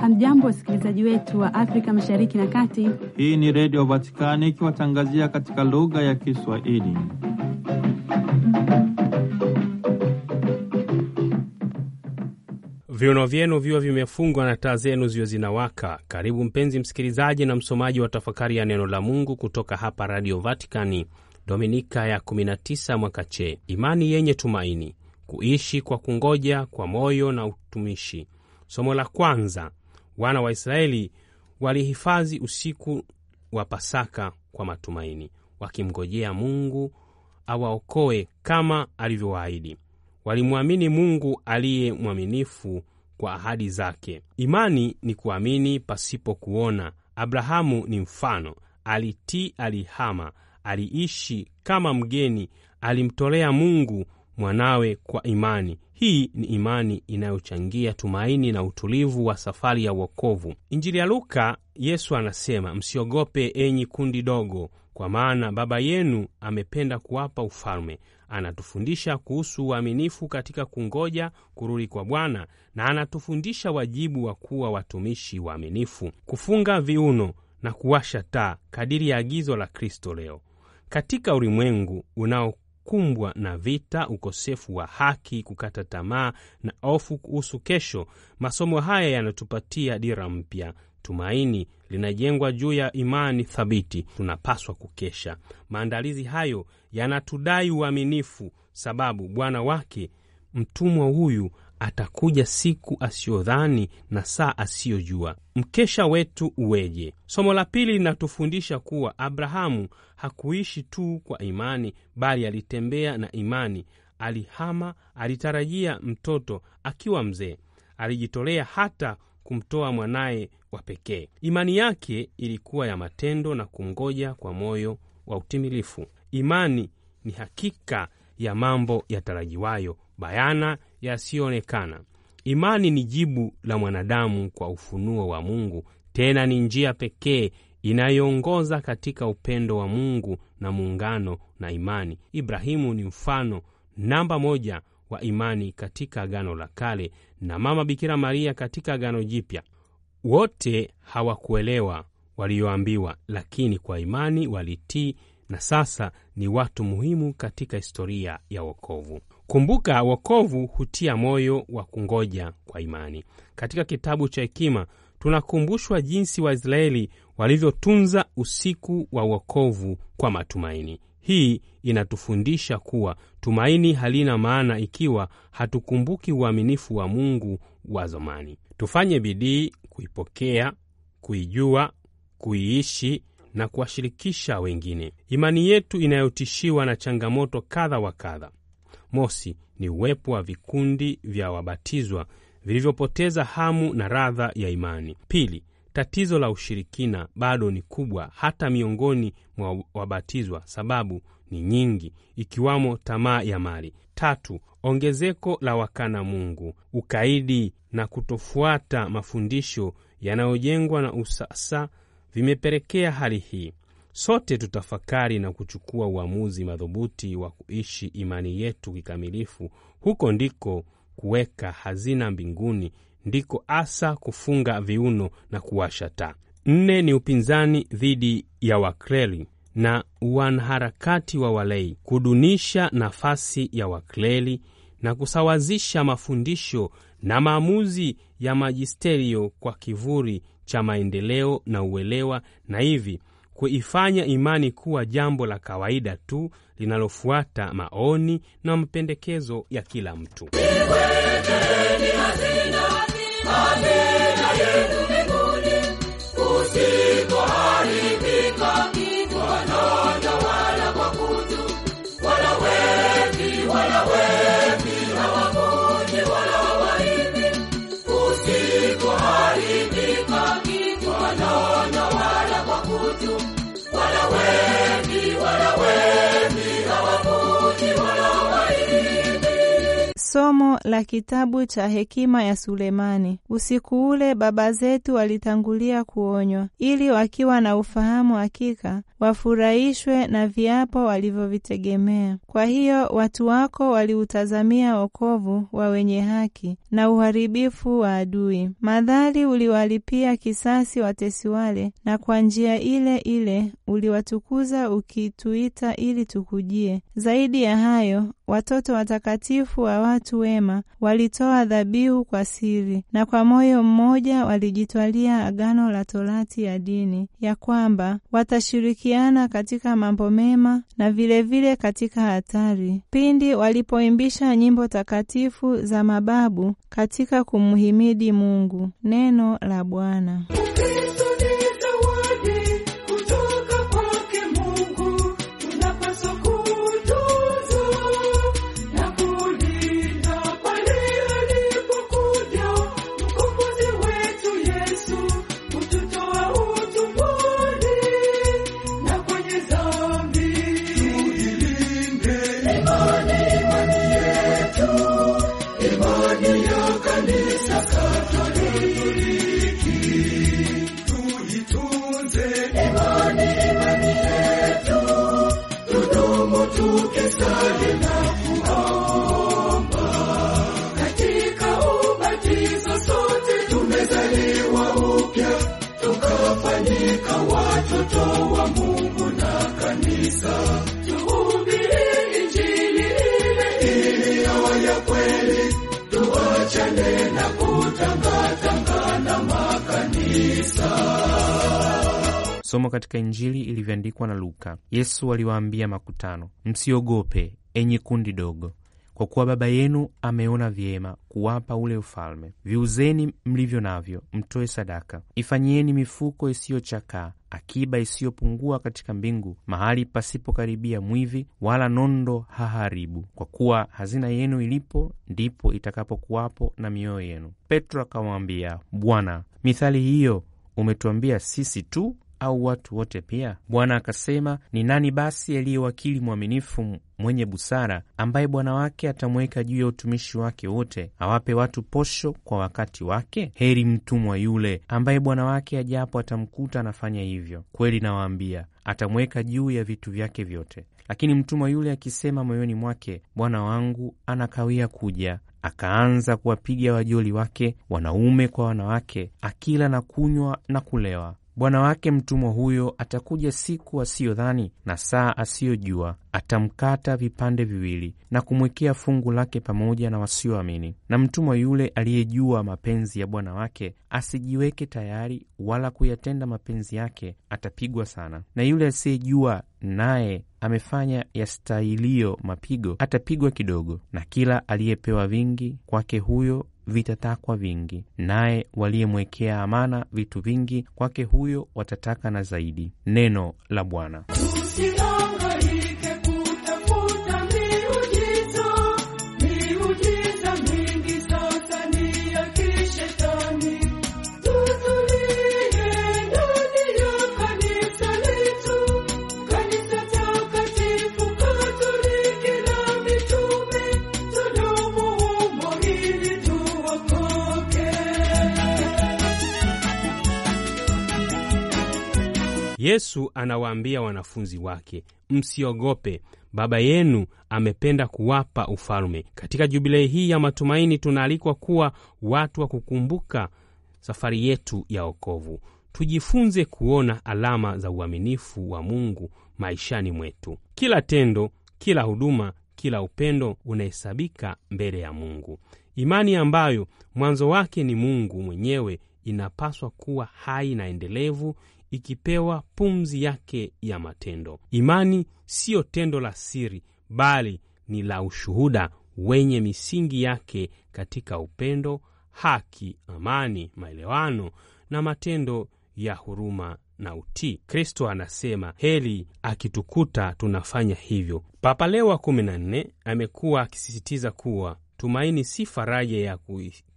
Hamjambo, wasikilizaji wetu wa Afrika mashariki na kati. Hii ni Redio Vatikani ikiwatangazia katika lugha ya Kiswahili. Mm. Viuno vyenu viwe vimefungwa na taa zenu ziwe zinawaka. Karibu mpenzi msikilizaji na msomaji wa tafakari ya neno la Mungu kutoka hapa Radio Vatikani, Dominika ya 19 mwaka che, imani yenye tumaini kuishi kwa kungoja kwa moyo na utumishi. Somo la kwanza, wana wa Israeli walihifadhi usiku wa Pasaka kwa matumaini, wakimgojea Mungu awaokoe kama alivyowaahidi. Walimwamini Mungu aliye mwaminifu kwa ahadi zake. Imani ni kuamini pasipo kuona. Abrahamu ni mfano, alitii, alihama, aliishi kama mgeni, alimtolea Mungu mwanawe kwa imani. Hii ni imani inayochangia tumaini na utulivu wa safari ya wokovu. Injili ya Luka, Yesu anasema, msiogope enyi kundi dogo, kwa maana Baba yenu amependa kuwapa ufalme. Anatufundisha kuhusu uaminifu katika kungoja kurudi kwa Bwana na anatufundisha wajibu wa kuwa watumishi waaminifu, kufunga viuno na kuwasha taa kadiri ya agizo la Kristo leo katika ulimwengu unao kukumbwa na vita, ukosefu wa haki, kukata tamaa na hofu kuhusu kesho, masomo haya yanatupatia dira mpya. Tumaini linajengwa juu ya imani thabiti. Tunapaswa kukesha. Maandalizi hayo yanatudai uaminifu, sababu bwana wake mtumwa huyu atakuja siku asiyodhani na saa asiyojua. Mkesha wetu uweje? Somo la pili linatufundisha kuwa Abrahamu hakuishi tu kwa imani, bali alitembea na imani. Alihama, alitarajia mtoto akiwa mzee, alijitolea hata kumtoa mwanaye wa pekee. Imani yake ilikuwa ya matendo na kumngoja kwa moyo wa utimilifu. Imani ni hakika ya mambo yatarajiwayo, bayana yasiyoonekana. Imani ni jibu la mwanadamu kwa ufunuo wa Mungu, tena ni njia pekee inayoongoza katika upendo wa Mungu na muungano na imani. Ibrahimu ni mfano namba moja wa imani katika Agano la Kale na Mama Bikira Maria katika Agano Jipya. Wote hawakuelewa walioambiwa, lakini kwa imani walitii, na sasa ni watu muhimu katika historia ya wokovu. Kumbuka, wokovu hutia moyo wa kungoja kwa imani. Katika kitabu cha Hekima tunakumbushwa jinsi Waisraeli walivyotunza usiku wa wokovu kwa matumaini. Hii inatufundisha kuwa tumaini halina maana ikiwa hatukumbuki uaminifu wa Mungu wa zamani. Tufanye bidii kuipokea, kuijua, kuiishi na kuwashirikisha wengine. Imani yetu inayotishiwa na changamoto kadha wa kadha. Mosi ni uwepo wa vikundi vya wabatizwa vilivyopoteza hamu na radha ya imani. Pili, tatizo la ushirikina bado ni kubwa hata miongoni mwa wabatizwa, sababu ni nyingi ikiwamo tamaa ya mali. Tatu, ongezeko la wakana Mungu, ukaidi na kutofuata mafundisho yanayojengwa na usasa vimepelekea hali hii. Sote tutafakari na kuchukua uamuzi madhubuti wa kuishi imani yetu kikamilifu. Huko ndiko kuweka hazina mbinguni, ndiko asa kufunga viuno na kuwasha taa. Nne ni upinzani dhidi ya wakleli na wanaharakati wa walei, kudunisha nafasi ya wakleli na kusawazisha mafundisho na maamuzi ya majisterio kwa kivuli cha maendeleo na uelewa, na hivi kuifanya imani kuwa jambo la kawaida tu linalofuata maoni na mapendekezo ya kila mtu. la kitabu cha hekima ya Sulemani. Usiku ule baba zetu walitangulia kuonywa, ili wakiwa na ufahamu hakika wafurahishwe na viapo walivyovitegemea. Kwa hiyo watu wako waliutazamia wokovu wa wenye haki na uharibifu wa adui. Madhali uliwalipia kisasi watesi wale, na kwa njia ile ile uliwatukuza ukituita ili tukujie. Zaidi ya hayo, watoto watakatifu wa watu wema walitoa dhabihu kwa siri, na kwa moyo mmoja walijitwalia agano la torati ya dini, ya kwamba watashiriki kushirikiana katika mambo mema na vilevile vile katika hatari, pindi walipoimbisha nyimbo takatifu za mababu katika kumhimidi Mungu. Neno la Bwana. Mtoto wa Mungu na kanisa, tuhubiri injili ile iliyo ya kweli, tuachane na kutangatangana makanisa. Somo katika Injili ilivyoandikwa na Luka. Yesu aliwaambia makutano, msiogope enyi kundi dogo, kwa kuwa Baba yenu ameona vyema kuwapa ule ufalme. Viuzeni mlivyo navyo, mtoe sadaka. Ifanyieni mifuko isiyochakaa, akiba isiyopungua katika mbingu, mahali pasipokaribia mwivi, wala nondo haharibu, kwa kuwa hazina yenu ilipo, ndipo itakapokuwapo na mioyo yenu. Petro akamwambia, Bwana, mithali hiyo umetuambia sisi tu au watu wote pia? Bwana akasema, ni nani basi aliye wakili mwaminifu mwenye busara, ambaye bwana wake atamweka juu ya utumishi wake wote, awape watu posho kwa wakati wake? Heri mtumwa yule ambaye bwana wake ajapo atamkuta anafanya hivyo. Kweli nawaambia, atamweka juu ya vitu vyake vyote. Lakini mtumwa yule akisema moyoni mwake, bwana wangu anakawia kuja akaanza kuwapiga wajoli wake wanaume kwa wanawake, akila na kunywa na kulewa, bwana wake mtumwa huyo atakuja siku asiyodhani na saa asiyojua, atamkata vipande viwili na kumwekea fungu lake pamoja na wasioamini. Na mtumwa yule aliyejua mapenzi ya bwana wake asijiweke tayari wala kuyatenda mapenzi yake, atapigwa sana. Na yule asiyejua naye amefanya yastahiliyo mapigo, atapigwa kidogo. Na kila aliyepewa vingi, kwake huyo vitatakwa vingi, naye waliyemwekea amana vitu vingi kwake huyo watataka na zaidi. Neno la Bwana. Yesu anawaambia wanafunzi wake, msiogope, Baba yenu amependa kuwapa ufalme. Katika jubilei hii ya matumaini, tunaalikwa kuwa watu wa kukumbuka safari yetu ya okovu Tujifunze kuona alama za uaminifu wa Mungu maishani mwetu. Kila tendo, kila huduma, kila upendo unahesabika mbele ya Mungu. Imani ambayo mwanzo wake ni Mungu mwenyewe inapaswa kuwa hai na endelevu, ikipewa pumzi yake ya matendo. Imani siyo tendo la siri, bali ni la ushuhuda wenye misingi yake katika upendo, haki, amani, maelewano na matendo ya huruma na utii. Kristo anasema heli akitukuta tunafanya hivyo. Papa Leo wa kumi na nne amekuwa akisisitiza kuwa tumaini si faraja ya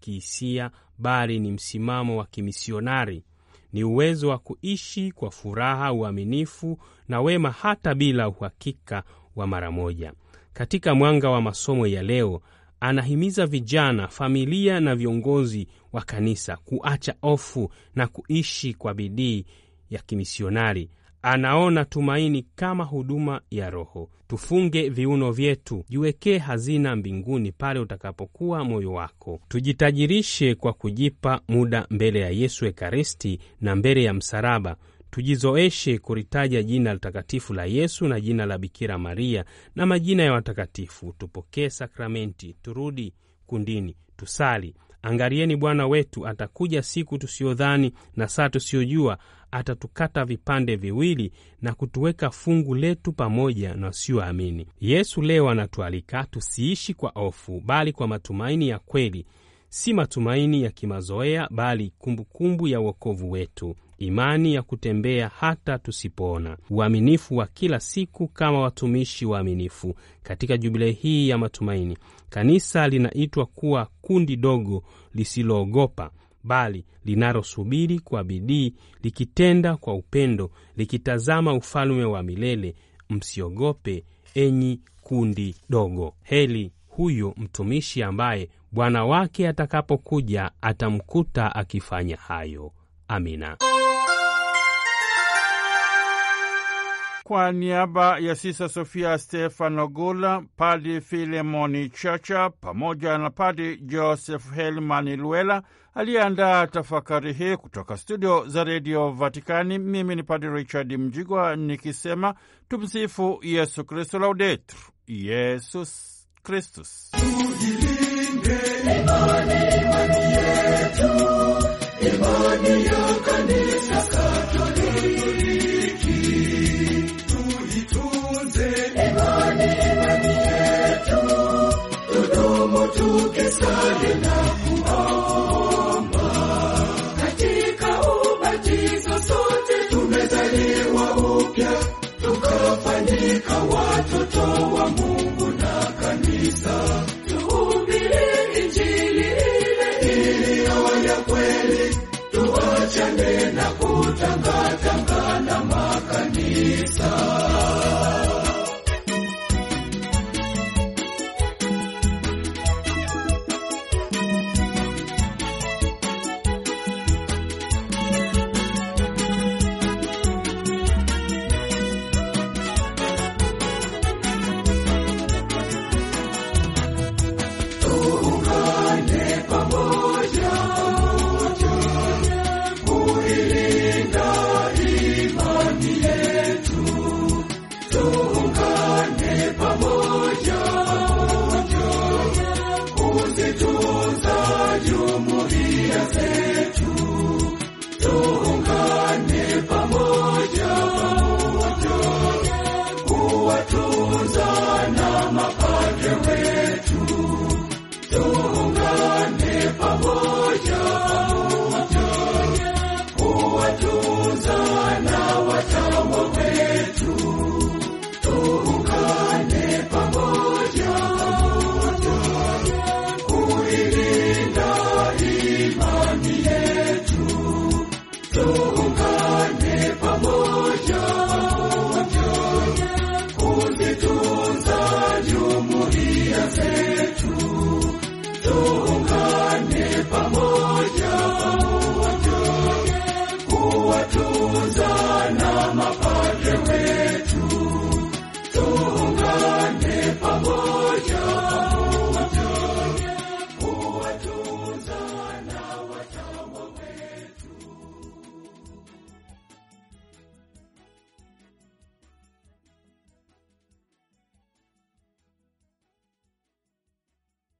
kihisia, bali ni msimamo wa kimisionari ni uwezo wa kuishi kwa furaha, uaminifu na wema hata bila uhakika wa mara moja. Katika mwanga wa masomo ya leo, anahimiza vijana, familia na viongozi wa kanisa kuacha hofu na kuishi kwa bidii ya kimisionari anaona tumaini kama huduma ya Roho. Tufunge viuno vyetu, jiwekee hazina mbinguni pale utakapokuwa moyo wako. Tujitajirishe kwa kujipa muda mbele ya Yesu Ekaristi na mbele ya msalaba. Tujizoeshe kulitaja jina takatifu la Yesu na jina la Bikira Maria na majina ya watakatifu. Tupokee sakramenti, turudi kundini, tusali. Angalieni Bwana wetu atakuja siku tusiyodhani na saa tusiyojua atatukata vipande viwili na kutuweka fungu letu pamoja na wasioamini. Yesu leo anatualika tusiishi kwa hofu, bali kwa matumaini ya kweli, si matumaini ya kimazoea, bali kumbukumbu kumbu ya wokovu wetu, imani ya kutembea hata tusipoona, uaminifu wa kila siku kama watumishi waaminifu. Katika jubilei hii ya matumaini, kanisa linaitwa kuwa kundi dogo lisiloogopa bali linalosubiri kwa bidii, likitenda kwa upendo, likitazama ufalme wa milele. Msiogope enyi kundi dogo. Heli huyo mtumishi ambaye Bwana wake atakapokuja atamkuta akifanya hayo. Amina. kwa niaba ya Sisa Sofia Stefano Gula, Padi Filemoni Chacha pamoja na Padi Joseph Helmani Luela aliyeandaa tafakari hii kutoka studio za redio Vatikani. Mimi ni Padi Richard Mjigwa nikisema tumsifu Yesu Kristu, laudetur Yesus Kristus. Imani, imani yetu, imani ya kanisa que sale